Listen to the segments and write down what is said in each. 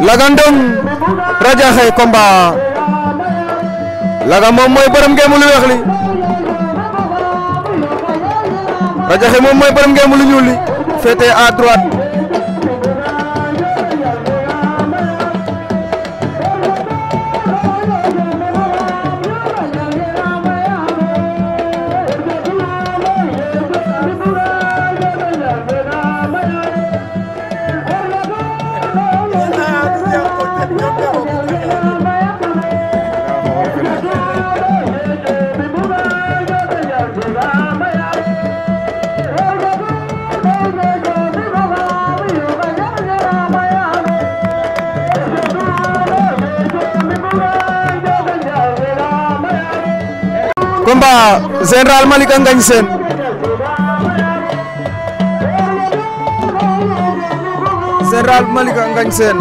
Lagandong Radiakhé combat Laga moom mooy bërëm ngeen mu lu weex li Radiakhé moom mooy borom ngeen mu lu ñuul li féete à combat général Malika Ngagne Sène général Malika Ngagne Sène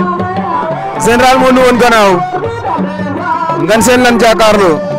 général moo nu woon gannaaw Ngagne Sène lan jàkkaarloo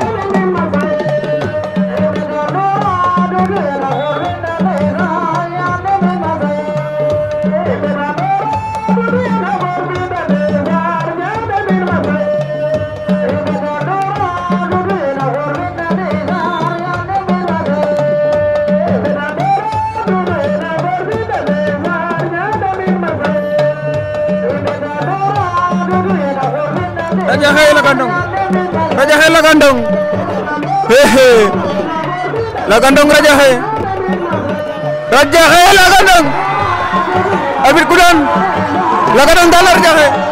Raja Xey Lagandong Raja Xey Lagandong hehe Lagandong Raja Xey Raja Xey Lagandong abit ku doon Lagandong daal Raja